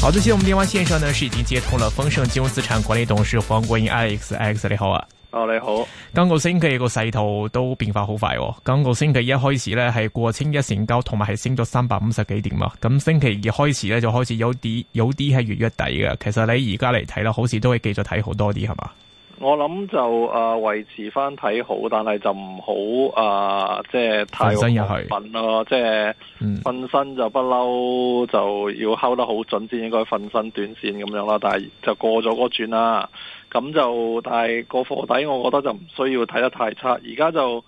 好，最近我們電話線上呢是已經接通了豐盛金融資產管理董事黃國英 Alex，Alex 你好啊。哦，你好。今個星期個勢頭都變化好快喎，今個星期一開始呢，係過千一成交，同埋係升咗三百五十幾點嘛。咁星期二開始呢，就開始有啲有啲係越越低嘅，其實你而家嚟睇啦，好似都可以繼續睇好多啲係嘛。我諗就啊維、呃、持翻睇好，但係就唔好啊，即係太過分咯。即係是分、嗯、身就不嬲，就要敲得好準先應該分身短線咁樣啦。但係就過咗嗰轉啦，咁就但係個貨底，我覺得就唔需要睇得太差。而家就。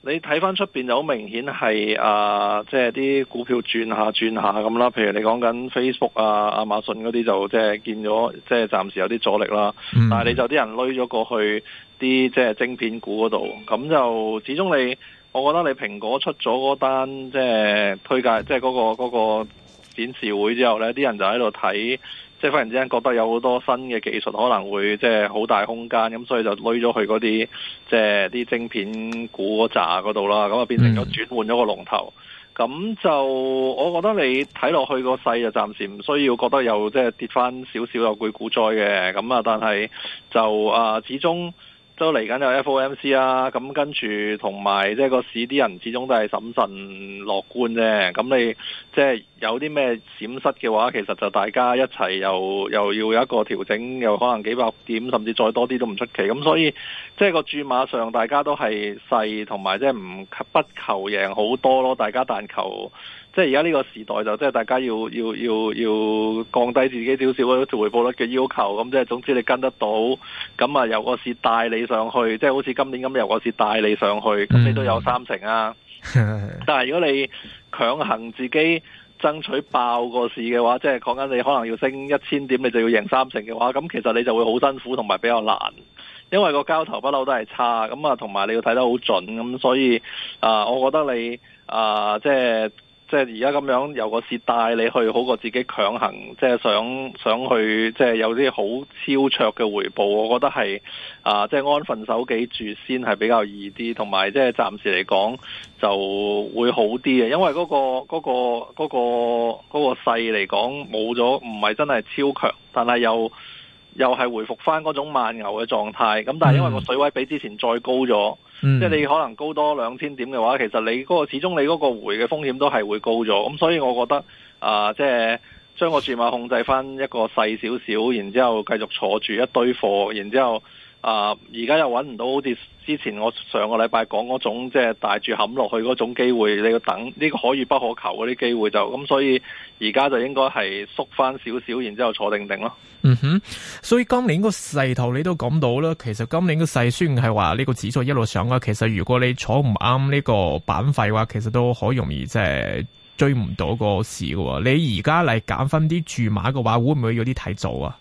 你睇翻出面就好明顯係啊，即係啲股票轉下轉下咁啦。譬如你講緊 Facebook 啊、亞馬遜嗰啲，就即係見咗，即係暫時有啲阻力啦。嗯、但係你就啲人推咗過去啲即係晶片股嗰度，咁就始終你，我覺得你蘋果出咗嗰單即係、就是、推介，即係嗰個嗰個展示會之後呢，啲人就喺度睇。即係忽然之間覺得有好多新嘅技術可能會，即係好大空間，咁、嗯、所以就推咗去嗰啲即係啲晶片股嗰扎嗰度啦，咁啊變成咗轉換咗個龍頭。咁就我覺得你睇落去個勢就暫時唔需要覺得又即係跌返少少又攰股災嘅，咁啊，但係就啊、呃、始終。都嚟緊有 FOMC 啊，咁跟住同埋即係個市啲人始終都係審慎樂觀啫。咁你即係、就是、有啲咩閃失嘅話，其實就大家一齊又又要有一個調整，又可能幾百點甚至再多啲都唔出奇。咁所以即係、就是、個注碼上大家都係細，同埋即係唔不求贏好多咯，大家但求。即係而家呢個時代就即係大家要要要要降低自己少少回報率嘅要求，咁即係總之你跟得到，咁啊由個市帶你上去，即係好似今年咁由個市帶你上去，咁你都有三成啊。但係如果你強行自己爭取爆個市嘅話，即係講緊你可能要升一千點，你就要贏三成嘅話，咁其實你就會好辛苦同埋比較難，因為個交投不嬲都係差，咁啊同埋你要睇得好準，咁所以啊、呃，我覺得你啊、呃、即係。即係而家咁樣有個市帶你去，好過自己強行，即係想想去，即係有啲好超卓嘅回報。我覺得係啊，即係安分守己住先係比較易啲，同埋即係暫時嚟講就會好啲嘅。因為嗰個嗰個嗰個嗰個勢嚟講冇咗，唔係真係超強，但係又。又係回復翻嗰種慢牛嘅狀態，咁但係因為個水位比之前再高咗，mm. 即係你可能高多兩千點嘅話，其實你嗰個始終你嗰個回嘅風險都係會高咗，咁、嗯、所以我覺得啊、呃，即係將個注碼控制翻一個細少少，然之後繼續坐住一堆貨，然之後。啊！而家又揾唔到好似之前我上個禮拜講嗰種，即係帶住冚落去嗰種機會，你要等呢、呢個可遇不可求嗰啲機會就咁、嗯，所以而家就應該係縮翻少少，然之後坐定定咯。嗯哼，所以今年個勢頭你都講到啦，其實今年個勢雖然係話呢個指數一路上啊，其實如果你坐唔啱呢個板塊嘅話，其實都好容易即係追唔到個市嘅。你而家嚟揀翻啲注碼嘅話，會唔會有啲睇早啊？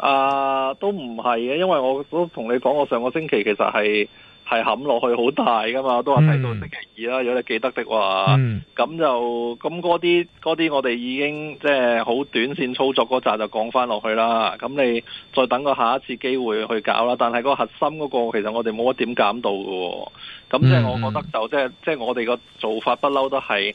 啊，都唔係嘅，因為我都同你講，我上個星期其實係係冚落去好大噶嘛都話睇到星期二啦，嗯、如果你記得的話，咁、嗯、就咁嗰啲啲我哋已經即係好短線操作嗰扎就降翻落去啦。咁你再等個下一次機會去搞啦。但係個核心嗰、嗰個其實我哋冇乜點減到噶、哦，咁即係我覺得就即係即係我哋個做法不嬲都係。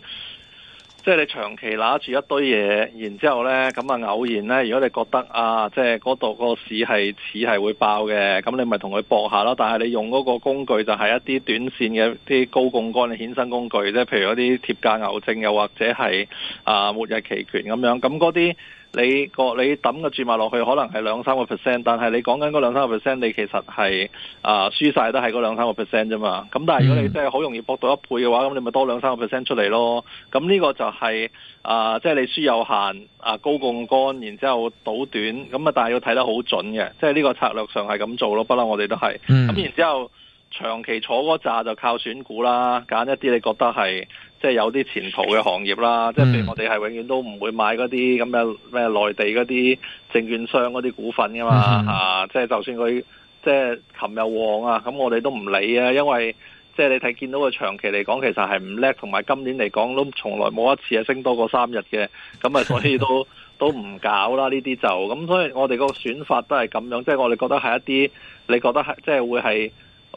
即係你長期攬住一堆嘢，然之後呢，咁啊偶然呢，如果你覺得啊，即係嗰度個市係似係會爆嘅，咁你咪同佢搏下咯。但係你用嗰個工具就係一啲短線嘅啲高槓桿嘅衍生工具即係，譬如嗰啲貼價牛證，又或者係啊末日期權咁樣，咁嗰啲。你個你抌個注碼落去，可能係兩三個 percent，但係你講緊嗰兩三個 percent，你其實係啊輸晒都係嗰兩三個 percent 啫嘛。咁但係如果你真係好容易博到一倍嘅話，咁你咪多兩三個 percent 出嚟咯。咁呢個就係、是、啊、呃，即係你輸有限啊、呃，高槓桿，然之後倒短，咁啊但係要睇得好準嘅，即係呢個策略上係咁做咯。不嬲我哋都係，咁、嗯、然之後長期坐嗰扎就靠選股啦，揀一啲你覺得係。即係有啲前途嘅行業啦，即係譬如我哋係永遠都唔會買嗰啲咁嘅咩內地嗰啲證券商嗰啲股份噶嘛吓、 啊，即係就算佢即係琴日旺啊，咁我哋都唔理啊，因為即係你睇見到佢長期嚟講，其實係唔叻，同埋今年嚟講都從來冇一次係升多過三日嘅，咁啊所以都 都唔搞啦呢啲就，咁所以我哋個選法都係咁樣，即係我哋覺得係一啲你覺得係即係會係。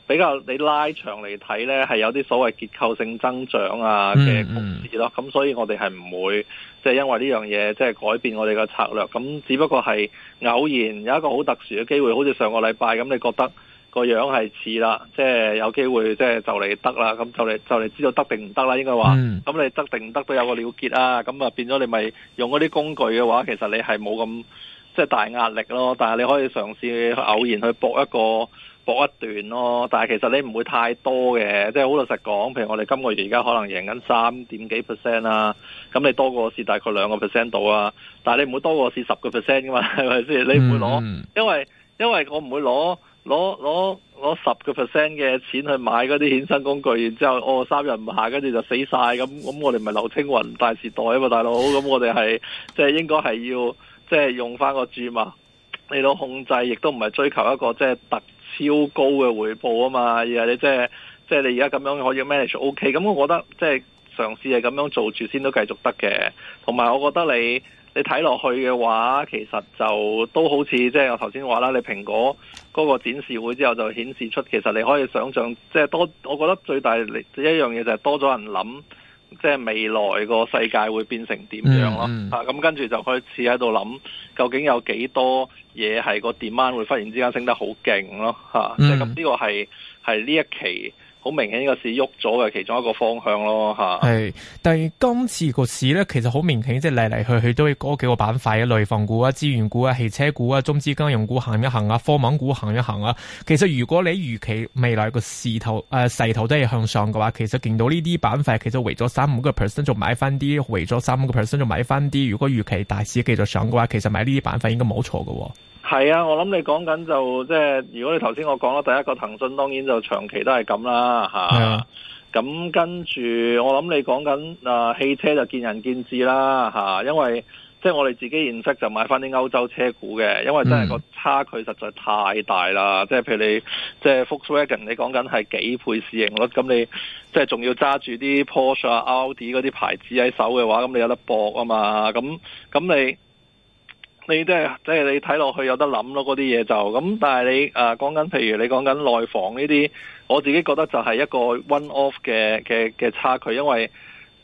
比較你拉長嚟睇呢，係有啲所謂結構性增長啊嘅公司咯，咁、嗯嗯、所以我哋係唔會即係、就是、因為呢樣嘢即係改變我哋嘅策略。咁只不過係偶然有一個好特殊嘅機會，好似上個禮拜咁，你覺得個樣係似啦，即、就、係、是、有機會即係就嚟得啦，咁就嚟就嚟知道得定唔得啦，應該話。咁、嗯、你得定唔得都有個了結啊？咁啊變咗你咪用嗰啲工具嘅話，其實你係冇咁即係大壓力咯。但係你可以嘗試去偶然去博一個。一段咯，但係其實你唔會太多嘅，即係好老實講。譬如我哋今個月而家，可能贏緊三點幾 percent 啦，咁、啊、你多過市大概兩個 percent 度啊，但係你唔會多過市十個 percent 噶嘛，係咪先？你唔會攞，因為因為我唔會攞攞攞攞十個 percent 嘅錢去買嗰啲衍生工具，然之後哦三日唔下，跟住就死晒咁咁，我哋咪劉青雲大時代啊嘛，大佬咁我哋係即係應該係要即係用翻個注嘛嚟到控制，亦都唔係追求一個即係特。超高嘅回報啊嘛，而係你即係即係你而家咁樣可以 manage OK，咁我覺得即係嘗試係咁樣做住先都繼續得嘅。同埋我覺得你你睇落去嘅話，其實就都好似即係我頭先話啦，你蘋果嗰個展示會之後就顯示出其實你可以想象，即係多，我覺得最大力一樣嘢就係多咗人諗。即係未來個世界會變成點樣咯？吓、嗯，咁、啊、跟住就開始喺度諗，究竟有幾多嘢係個 demand 會忽然之間升得好勁咯？吓、啊，嗯、即係咁，呢個係係呢一期。好明顯呢個市喐咗嘅其中一個方向咯吓，係，但係今次個市咧其實好明顯，即係嚟嚟去去都係嗰幾個板塊啊，內房股啊，資源股啊，汽車股啊，中資金融股行一行，行啊，科網股行一行啊。其實如果你預期未來個市頭誒勢、啊、頭都係向上嘅話，其實見到呢啲板塊，其實為咗三五個 percent 就買翻啲，為咗三五個 percent 就買翻啲。如果預期大市繼續上嘅話，其實買呢啲板塊應該冇錯嘅。係啊，我諗你講緊就即、是、係，如果你頭先我講啦，第一個騰訊當然就長期都係咁啦吓。咁、啊啊、跟住我諗你講緊啊汽車就見仁見智啦吓、啊，因為即係、就是、我哋自己認識就買翻啲歐洲車股嘅，因為真係個差距實在太大啦。即係譬如你即係 Volkswagen 你講緊係幾倍市盈率，咁你即係仲要揸住啲 Porsche 啊奧迪嗰啲牌子喺手嘅話，咁你有得搏啊嘛。咁咁你。你都係，即係即係你睇落去有得諗咯，嗰啲嘢就咁。但係你誒講緊，呃、譬如你講緊內房呢啲，我自己覺得就係一個 one off 嘅嘅嘅差距，因為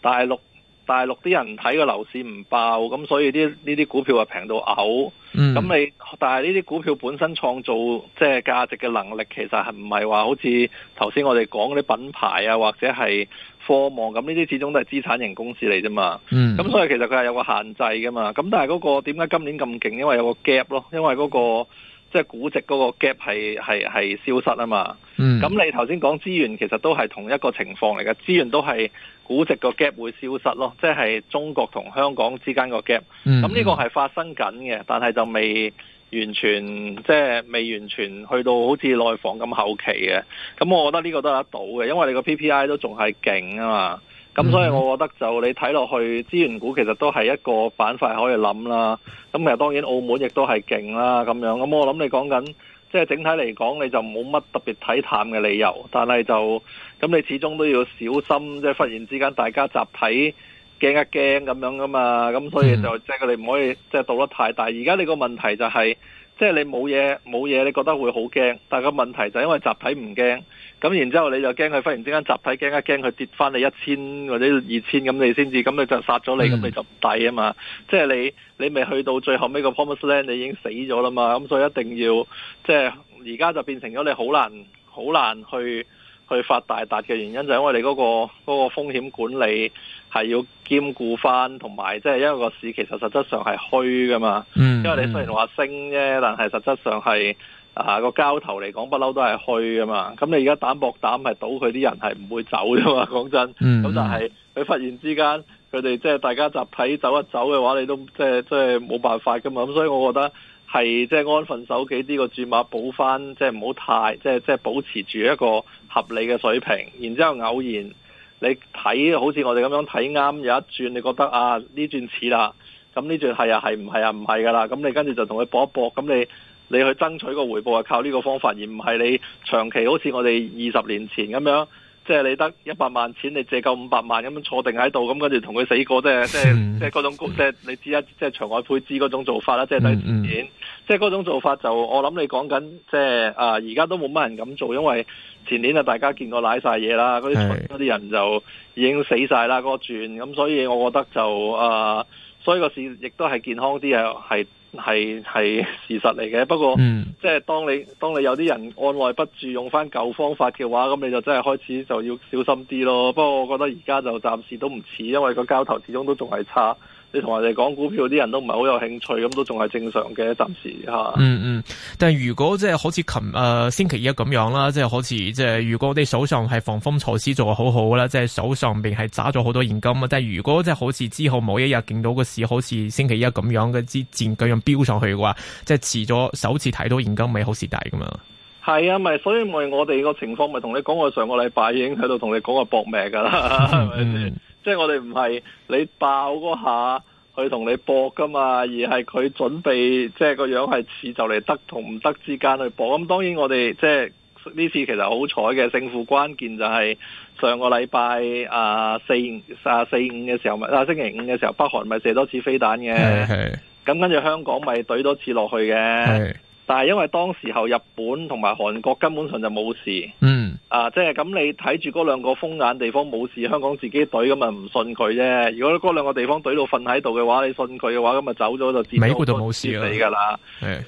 大陸。大陸啲人睇個樓市唔爆，咁所以啲呢啲股票啊平到嘔。咁你但係呢啲股票本身創造即係、就是、價值嘅能力，其實係唔係話好似頭先我哋講嗰啲品牌啊，或者係科網咁呢啲，始終都係資產型公司嚟啫嘛。咁、嗯、所以其實佢係有個限制㗎嘛。咁但係嗰個點解今年咁勁？因為有個 gap 咯，因為嗰、那個。即係估值嗰個 gap 係係係消失啊嘛，咁、嗯、你頭先講資源其實都係同一個情況嚟嘅，資源都係估值個 gap 會消失咯，即係中國同香港之間、嗯、個 gap，咁呢個係發生緊嘅，但係就未完全即係未完全去到好似內房咁後期嘅，咁我覺得呢個都係得到嘅，因為你個 PPI 都仲係勁啊嘛。咁所以，我覺得就你睇落去資源股其實都係一個板塊可以諗啦。咁其實當然澳門亦都係勁啦咁樣。咁我諗你講緊即係整體嚟講，你就冇乜特別睇淡嘅理由。但係就咁，你始終都要小心，即係忽然之間大家集體驚一驚咁樣噶嘛。咁所以就即係你唔可以即係賭得太大。而家你個問題就係即係你冇嘢，冇嘢，你覺得會好驚，但係個問題就因為集體唔驚。咁然之後你就驚佢忽然之間集體驚一驚佢跌翻你一千或者二千咁你先至咁你就殺咗你咁你就唔抵啊嘛！即係你你未去到最後尾個 promise land，你已經死咗啦嘛！咁所以一定要即係而家就變成咗你好難好難去去發大達嘅原因就係因為你嗰個嗰個風險管理係要兼顧翻同埋即係因為個市其實實質上係虛噶嘛，因為你雖然話升啫，但係實質上係。啊，個交投嚟講不嬲都係虛噶嘛，咁你而家膽搏膽，係賭佢啲人係唔會走噶嘛，講真，咁、嗯嗯、但係佢忽然之間，佢哋即係大家集體走一走嘅話，你都即係即係冇辦法噶嘛，咁所以我覺得係即係安分守己呢個轉碼補翻，即係唔好太，即係即係保持住一個合理嘅水平，然之後偶然你睇，好似我哋咁樣睇啱有一轉，你覺得啊呢轉似啦，咁呢轉係啊係唔係啊唔係噶啦，咁、啊、你跟住就同佢搏一搏，咁你。你去爭取個回報係靠呢個方法，而唔係你長期好似我哋二十年前咁樣，即係你得一百萬錢，你借夠五百萬咁樣坐定喺度，咁跟住同佢死過啫，即係即係嗰種 即係你知啊，即係場外配資嗰種做法啦，即係睇前年， 即係嗰種做法就我諗你講緊即係啊，而、呃、家都冇乜人咁做，因為前年啊大家見過瀨晒嘢啦，嗰啲嗰啲人就已經死晒啦，嗰、那個轉，咁、嗯、所以我覺得就啊、呃，所以個市亦都係健康啲啊，係。係係事實嚟嘅，不過，嗯，即係當你當你有啲人按捺不住用翻舊方法嘅話，咁你就真係開始就要小心啲咯。不過我覺得而家就暫時都唔似，因為個交投始終都仲係差。你同我哋講股票啲人都唔係好有興趣，咁都仲係正常嘅，暫時吓。嗯嗯，但係如果即係好似琴誒星期一咁樣啦，即係好似即係如果我哋手上係防風措施做得好好啦，即係手上邊係揸咗好多現金啊，但係如果即係好似之後某一日見到個市好似星期一咁樣嘅支箭咁樣飆上去嘅話，即係遲咗首次睇到現金咪好蝕底噶嘛？係啊，咪所以咪我哋個情況咪同你講我上個禮拜已經喺度同你講過搏命噶啦，嗯嗯 即係我哋唔係你爆嗰下去同你搏噶嘛，而係佢準備，即係個樣係似就嚟，得同唔得之間去搏。咁、嗯、當然我哋即係呢次其實好彩嘅，勝負關鍵就係上個禮拜啊、呃、四啊四、四五嘅時候咪啊星期五嘅時候，北韓咪射多次飛彈嘅，係咁跟住香港咪懟多次落去嘅。係，但係因為當時候日本同埋韓國根本上就冇事。嗯啊，即係咁你睇住嗰兩個風眼地方冇事，香港自己隊咁咪唔信佢啫。如果嗰兩個地方隊到瞓喺度嘅話，你信佢嘅話，咁咪走咗就自己就冇事㗎啦。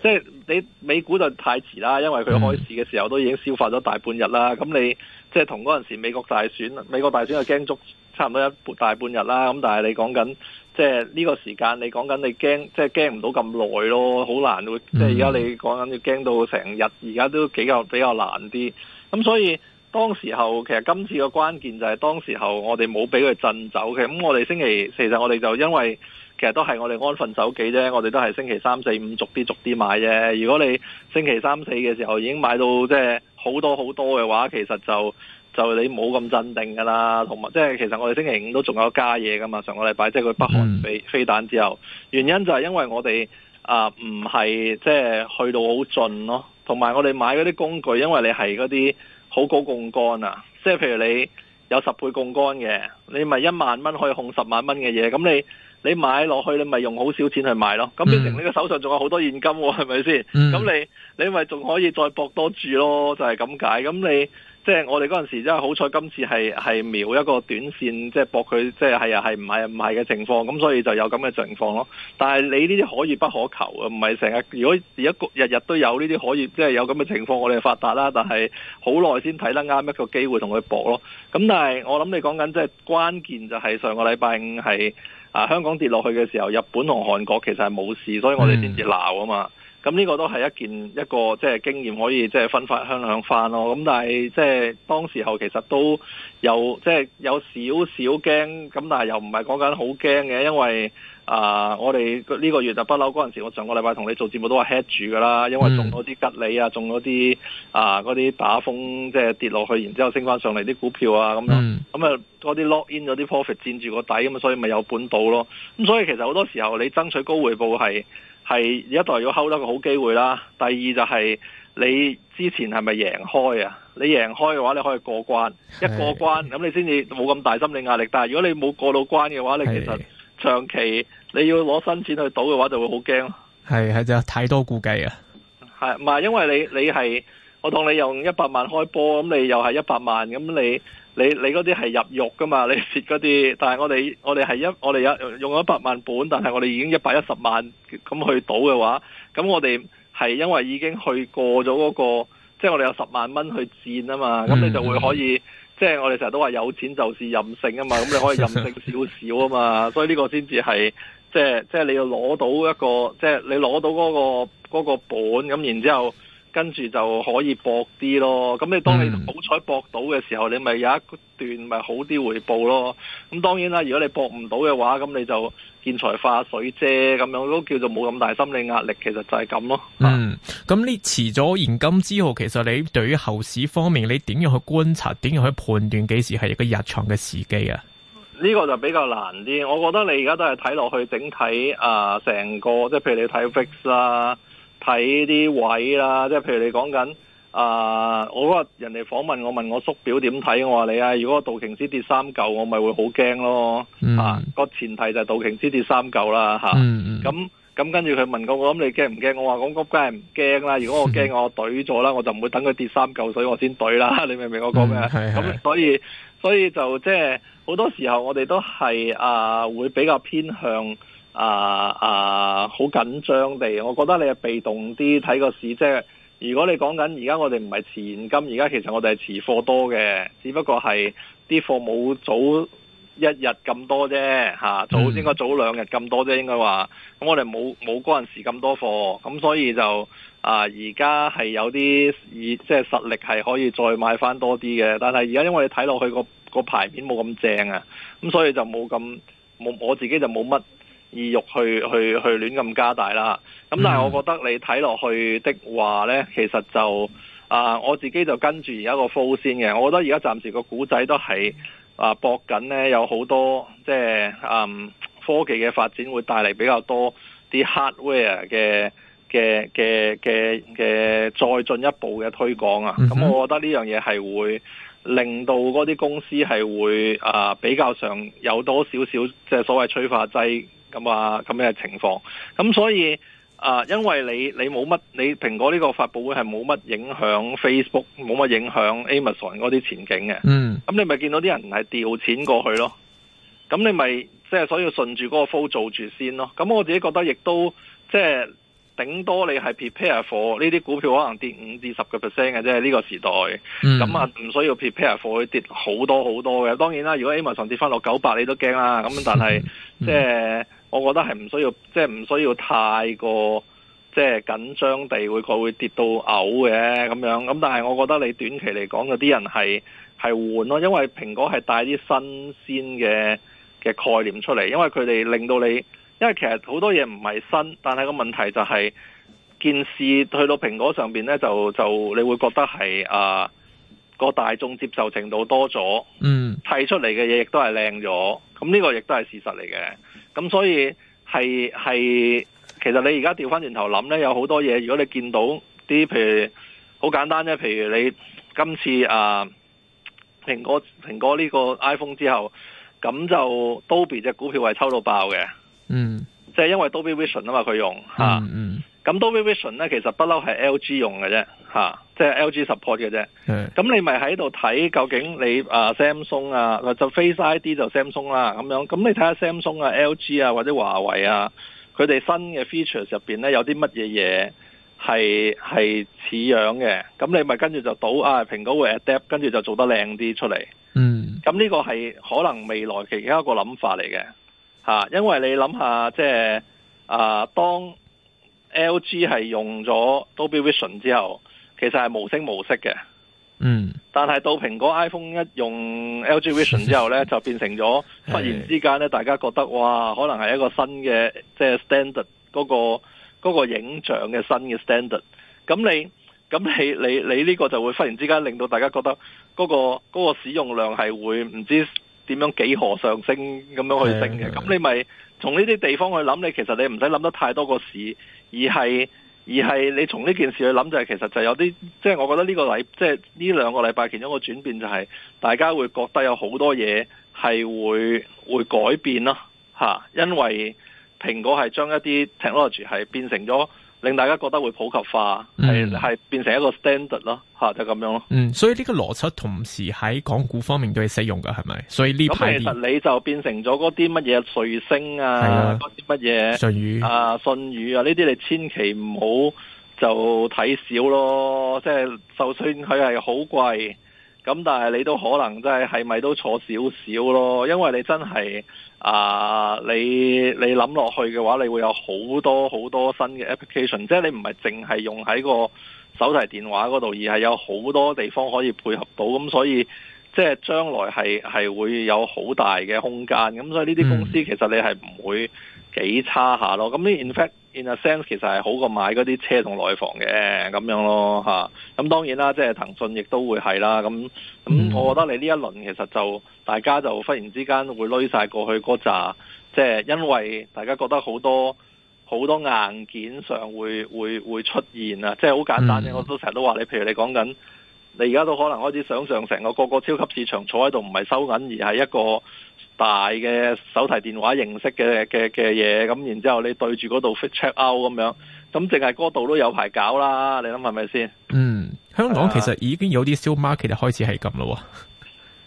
即係你美股就太遲啦，因為佢開市嘅時候都已經消化咗大半日啦。咁你即係同嗰陣時美國大選，美國大選就驚足差唔多一大半日啦。咁但係你講緊即係呢個時間，你講緊你驚即係驚唔到咁耐咯，好難會即係而家你講緊要驚到成日，而家都比較比較難啲。咁所以當時候，其實今次個關鍵就係當時候我哋冇俾佢震走嘅。咁、嗯、我哋星期其實我哋就，因為其實都係我哋安分守己啫，我哋都係星期三四五逐啲逐啲買啫。如果你星期三四嘅時候已經買到即係好多好多嘅話，其實就就你冇咁鎮定噶啦，同埋即係其實我哋星期五都仲有加嘢噶嘛。上個禮拜即係佢北韓飛飛彈之後，原因就係因為我哋啊，唔係即係去到好盡咯，同埋我哋買嗰啲工具，因為你係嗰啲。好高槓桿啊！即係譬如你有十倍槓桿嘅，你咪一萬蚊可以控十萬蚊嘅嘢。咁你你買落去，你咪用好少錢去買咯。咁變成你個手上仲有好多現金啊，係咪先？咁你你咪仲可以再博多注咯，就係咁解。咁你。即係我哋嗰陣時，真係好彩，今次係係瞄一個短線，即係博佢，即係係啊，係唔係唔係嘅情況，咁所以就有咁嘅情況咯。但係你呢啲可遇不可求啊，唔係成日。如果而家日日都有呢啲可以，即係有咁嘅情況，我哋係發達啦。但係好耐先睇得啱一個機會同佢博咯。咁但係我諗你講緊即係關鍵就係上個禮拜五係啊香港跌落去嘅時候，日本同韓國其實係冇事，所以我哋先至鬧啊嘛。嗯咁呢、嗯這個都係一件一個即係經驗，可以即係分發分享翻咯。咁但係即係當時候其實都有即係、就是、有少少驚，咁但係又唔係講緊好驚嘅，因為啊、呃，我哋呢個月就不嬲嗰陣時，我上個禮拜同你做節目都話 hedge 住噶啦，因為中咗啲吉利啊，中咗啲啊嗰啲打風即係、就是、跌落去，然之後升翻上嚟啲股票啊咁樣，咁啊嗰啲 lock in 咗啲 profit 佔住個底，咁啊所以咪有本倒咯。咁、嗯、所以其實好多時候你爭取高回報係。.係一代要 hold 得個好機會啦。第二就係你之前係咪贏開啊？你贏開嘅話，你可以過關。是一過關咁你先至冇咁大心理壓力。但係如果你冇過到關嘅話，你其實長期你要攞新錢去賭嘅話，就會好驚咯。係係就太多估計啊。係，唔係因為你你係我同你用一百萬開波，咁你又係一百萬，咁你。你你嗰啲係入肉㗎嘛？你蝕嗰啲，但係我哋我哋係一我哋有用咗一百萬本，但係我哋已經一百一十萬咁去賭嘅話，咁我哋係因為已經去過咗嗰個，即係我哋有十萬蚊去戰啊嘛，咁你就會可以，即係，嗯嗯，我哋成日都話有錢就是任性啊嘛，咁你可以任性少少啊嘛， 所以呢個先至係，即係即係你要攞到一個，即係你攞到嗰個嗰個本咁，然之後。跟住就可以搏啲咯，咁你當你好彩搏到嘅時候，嗯、你咪有一段咪好啲回報咯。咁當然啦，如果你搏唔到嘅話，咁你就見財化水啫，咁樣都叫做冇咁大心理壓力。其實就係咁咯。嗯，咁呢持咗現金之後，其實你對於後市方面，你點樣去觀察，點樣去判斷幾時係一個入場嘅時機啊？呢個就比較難啲。我覺得你而家都係睇落去整體啊，成、呃、個即係譬如你睇 fix 啦、啊。睇啲位啦，即係譬如你講緊啊，我嗰人哋訪問我問我叔表點睇，我話你啊，如果道瓊斯跌三嚿，我咪會好驚咯，啊個前提就係道瓊斯跌三嚿啦吓，咁咁跟住佢問我，我諗你驚唔驚？我話我我梗係唔驚啦，如果我驚我懟咗啦，我就唔會等佢跌三嚿，啊嗯，所以我先懟啦，你明唔明我講咩啊？咁所以所以就即係好多時候我哋都係啊會比較偏向。啊啊，好、啊、緊張地，我覺得你係被動啲睇個市啫，即係。如果你講緊而家我哋唔係持現金，而家其實我哋係持貨多嘅，只不過係啲貨冇早一日咁多啫，吓，啊，早應該早兩日咁多啫，應該話。咁我哋冇冇嗰陣時咁多貨，咁所以就啊，而家係有啲以即係、就是、實力係可以再買翻多啲嘅，但係而家因為你睇落去個、嗰個牌面冇咁正啊，咁所以就冇咁冇我自己就冇乜。意欲去去去亂咁加大啦。咁、嗯、但係我覺得你睇落去的話呢，其實就啊、呃，我自己就跟住而家個 flow 先嘅。我覺得而家暫時個股仔都係啊搏緊呢，有好多即係、就是嗯、科技嘅發展會帶嚟比較多啲 hardware 嘅嘅嘅嘅嘅再進一步嘅推廣啊。咁、嗯嗯、我覺得呢樣嘢係會令到嗰啲公司係會啊、呃、比較上有多少少即係、就是、所謂催化劑。咁啊，咁嘅、嗯、 情況，咁所以啊，因為你你冇乜，你蘋果呢個發布會係冇乜影響 Facebook，冇乜影響 Amazon 嗰啲前景嘅、嗯嗯。嗯，咁你咪見到啲人係掉錢過去咯。咁你咪即係所以順住嗰個 flow 做住先咯。咁我自己覺得亦都即係頂多你係 prepare 貨，呢啲股票可能跌五至十個 percent 嘅啫。呢個時代，咁啊唔需要 prepare 貨，會跌好多好多嘅。當然啦，如果 Amazon 跌翻落九百，你都驚啦。咁但係即係。我覺得係唔需要，即係唔需要太過即係、就是、緊張地會個會跌到嘔嘅咁樣。咁但係我覺得你短期嚟講，嗰啲人係係換咯，因為蘋果係帶啲新鮮嘅嘅概念出嚟，因為佢哋令到你，因為其實好多嘢唔係新，但係個問題就係、是、件事去到蘋果上面呢，就就你會覺得係啊、個大眾接受程度多咗，嗯，提出嚟嘅嘢亦都係靚咗，咁呢個亦都係事實嚟嘅。咁所以係係，其實你而家調翻轉頭諗咧，有好多嘢。如果你見到啲譬如好簡單啫，譬如你今次啊蘋果蘋果呢個 iPhone 之後，咁就 Dolby 隻股票係抽到爆嘅。嗯，即係因為 Dolby Vision 啊嘛，佢用嚇。嗯咁、嗯啊、Dolby Vision 咧，其實不嬲係 LG 用嘅啫嚇。啊即係 LG support 嘅啫，咁的你咪喺度睇究竟你啊 Samsung 啊，就 Face ID 就 Samsung 啦、啊、咁樣，咁你睇下 Samsung 啊、LG 啊或者華為啊，佢哋新嘅 features 入邊咧有啲乜嘢嘢係係似樣嘅，咁你咪跟住就賭啊蘋果會 adapt，跟住就做得靚啲出嚟。嗯，咁呢個係可能未來其他一個諗法嚟嘅，吓、啊，因為你諗下即係、就是、啊當 LG 係用咗 Dolby Vision 之後。其實係無聲無息嘅，嗯，但係到蘋果 iPhone 一用 LG Vision 之後呢，就變成咗忽然之間咧，大家覺得的哇，可能係一個新嘅即係 standard 嗰個嗰個影像嘅新嘅 standard。咁你咁你你你呢個就會忽然之間令到大家覺得嗰個嗰個使用量係會唔知點樣幾何上升咁樣去升嘅。咁的你咪從呢啲地方去諗，你其實你唔使諗得太多個市，而係。而係你從呢件事去諗，就係其實就有啲，即係我覺得呢個禮，即係呢兩個禮拜其中一個轉變就係大家會覺得有好多嘢係會會改變咯，嚇、啊，因為蘋果係將一啲 technology 係變成咗。令大家覺得會普及化，係係、嗯、變成一個 standard 咯，吓，就咁樣咯。嗯，所以呢個邏輯同時喺港股方面都係使用嘅，係咪？所以呢排其實你就變成咗嗰啲乜嘢瑞星啊，嗰啲乜嘢舜宇啊，舜宇啊呢啲你千祈唔好就睇少咯，即、就、係、是、就算佢係好貴。咁但係你都可能即係係咪都坐少少咯？因為你真係啊、呃，你你諗落去嘅話，你會有好多好多新嘅 application，即係你唔係淨係用喺個手提電話嗰度，而係有好多地方可以配合到，咁、嗯、所以即係將來係係會有好大嘅空間。咁、嗯、所以呢啲公司其實你係唔會幾差下咯。咁、嗯、呢？In fact。sense 其實係好過買嗰啲車同內房嘅咁樣咯嚇，咁、啊、當然啦，即係騰訊亦都會係啦。咁咁，mm hmm. 我覺得你呢一輪其實就大家就忽然之間會攞晒過去嗰扎，即係因為大家覺得好多好多硬件上會會會出現啊！即係好簡單啫，mm hmm. 我都成日都話你，譬如你講緊，你而家都可能開始想像成個個個個超級市場坐喺度，唔係收銀而係一個。大嘅手提電話形式嘅嘅嘅嘢，咁然之後你對住嗰度 fit check out 咁樣，咁淨係嗰度都有排搞啦，你諗係咪先？嗯，香港其實已經有啲小 market 開始係咁啦。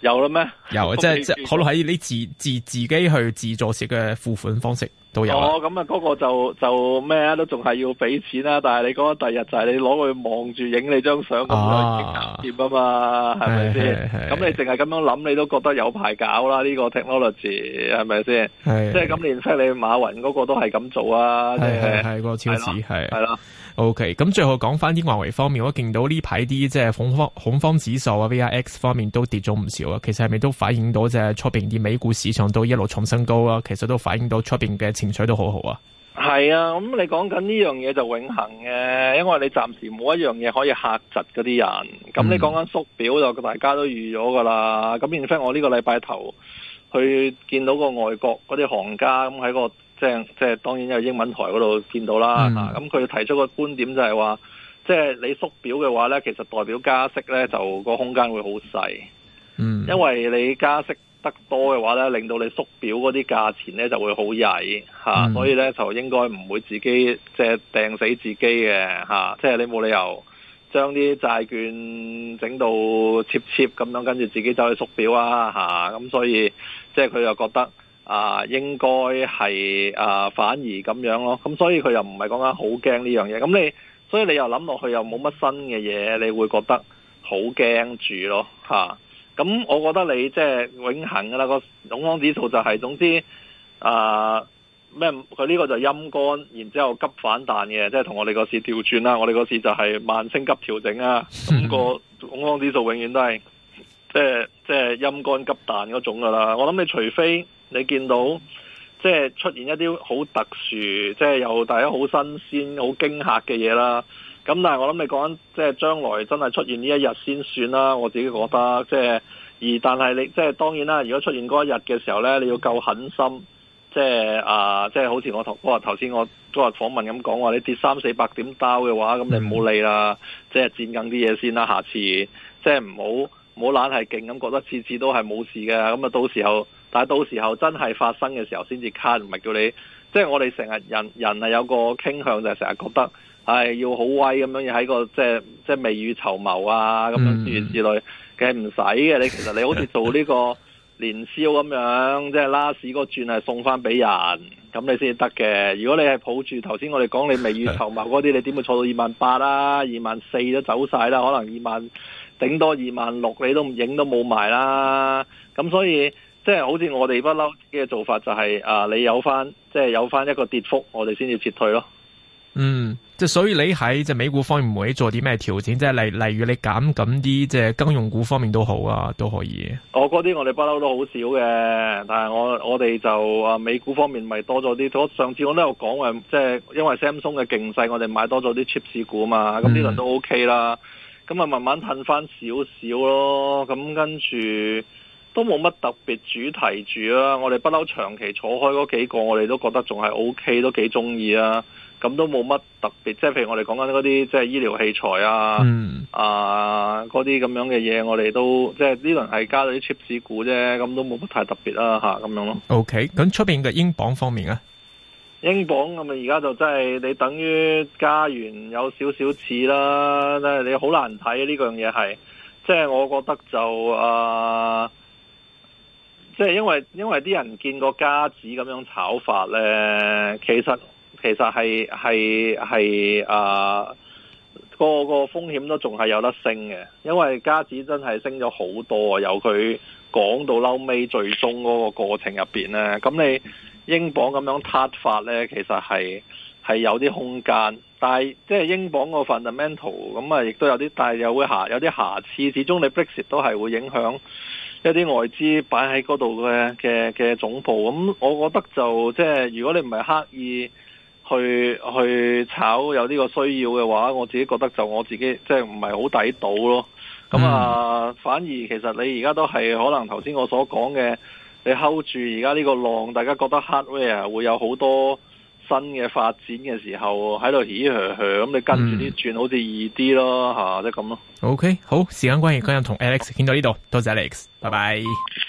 有啦咩？有啊，即係即係，可能喺你自自自己去自助式嘅付款方式都有。哦，咁、嗯那個、啊，嗰個就就咩啊？都仲係要俾錢啦。但係你講第日就係你攞去望住影你張相咁樣點啊嘛？係咪先？咁你淨係咁樣諗，你都覺得有排搞啦。呢、這個 technology 係咪先？係即係咁，連出你馬雲嗰個都係咁做啊！係係係個超市係係啦。O K，咁最後講翻啲華為方面，我見到呢排啲即係恐慌恐慌指數啊，V I X 方面都跌咗唔少啊。其實係咪都反映到即係出邊啲美股市場都一路創新高啊？其實都反映到出邊嘅情緒都好好啊。係啊，咁你講緊呢樣嘢就永恆嘅，因為你暫時冇一樣嘢可以嚇窒嗰啲人。咁、嗯、你講緊縮表就大家都預咗噶啦。咁，相反我呢個禮拜頭去見到個外國嗰啲行家咁喺個。即係即係當然有英文台嗰度見到啦，咁佢、嗯啊、提出個觀點就係話，即係你縮表嘅話咧，其實代表加息咧就個空間會好細，嗯、因為你加息得多嘅話咧，令到你縮表嗰啲價錢咧就會好曳。嚇，所以咧就應該唔會自己即係掟死自己嘅嚇，即係你冇理由將啲債券整到 cheap cheap 咁樣，跟住自己走去縮表啊嚇，咁所以即係佢又覺得。他們 啊，應該係啊，反而咁樣咯，咁所以佢又唔係講緊好驚呢樣嘢，咁你所以你又諗落去又冇乜新嘅嘢，你會覺得好驚住咯嚇。咁、啊、我覺得你即係永恆噶啦，個恐慌指數就係、是、總之啊咩，佢呢個就陰乾，然之後急反彈嘅，即係同我哋個市調轉啦，我哋個市就係慢升急調整啦、啊。咁 個恐慌指數永遠都係即係即係陰乾急彈嗰種噶啦。我諗你除非。你見到即係出現一啲好特殊，即係又大家好新鮮、好驚嚇嘅嘢啦。咁但係我諗你講即係將來真係出現呢一日先算啦。我自己覺得即係而但係你即係當然啦。如果出現嗰一日嘅時候咧，你要夠狠心，即係啊，即係好似我頭哥頭先我都話訪問咁講話，你跌三四百點兜嘅話，咁你唔好理啦，嗯、即係斬緊啲嘢先啦。下次即係唔好唔好懶係勁咁，覺得次次都係冇事嘅，咁啊到時候。但係到時候真係發生嘅時候先至卡，唔係叫你，即係我哋成日人人係有個傾向就係成日覺得係要好威咁樣，喺個即係即係未雨綢繆啊咁樣之類之類嘅唔使嘅。你其實你好似做呢個年消咁樣， 即係拉屎 s t 個轉係送翻俾人，咁你先至得嘅。如果你係抱住頭先我哋講你未雨綢繆嗰啲，你點會坐到二萬八啦？二萬四都走晒啦，可能二萬頂多二萬六，你都唔影都冇埋啦。咁所以。即係好似我哋不嬲嘅做法就係、是，啊，你有翻即係有翻一個跌幅，我哋先至撤退咯。嗯，即係所以你喺即係美股方面會做啲咩調整？即係例例如你減減啲即係金融股方面都好啊，都可以。嗯、我嗰啲我哋不嬲都好少嘅，但係我我哋就啊美股方面咪多咗啲。上次我都有講，話即係因為 Samsung 嘅勁勢，我哋買多咗啲 cheap 市股嘛，咁呢輪都 OK 啦。咁啊、嗯、慢慢褪翻少少咯，咁跟住。都冇乜特別主題住啦，我哋不嬲長期坐開嗰幾個，我哋都覺得仲係 OK，都幾中意啊。咁都冇乜特別，即係譬如我哋講緊嗰啲即係醫療器材啊，嗯、啊嗰啲咁樣嘅嘢，我哋都即係呢輪係加咗啲 cheap 市股啫，咁都冇乜太特別啦、啊、吓，咁、啊、樣咯。OK，咁出邊嘅英鎊方面啊，英鎊咁啊，而家就真、就、係、是、你等於加元有少少似啦，但係你好難睇呢樣嘢係，即係我覺得就啊。呃即係因為因為啲人見過家子咁樣炒法咧，其實其實係係係啊，個個風險都仲係有得升嘅，因為家子真係升咗好多啊！由佢講到嬲尾最終嗰個過程入邊咧，咁你英鎊咁樣撻法咧，其實係係有啲空間，但係即係英鎊個 fundamental 咁啊，亦都有啲，但係又會瑕有啲瑕疵，始終你 Brexit 都係會影響。一啲外資擺喺嗰度嘅嘅嘅總部，咁我覺得就即係如果你唔係刻意去去炒有呢個需要嘅話，我自己覺得就我自己即係唔係好抵到咯。咁啊，嗯、反而其實你而家都係可能頭先我所講嘅，你 hold 住而家呢個浪，大家覺得 hardware 會有好多。新嘅發展嘅時候喺度嘻呵呵，咁、嗯、你、嗯、跟住啲轉好似易啲咯吓，即係咁咯。啊就是，OK，好，時間關係，今日同 Alex 傾到呢度，多謝 Alex，拜拜。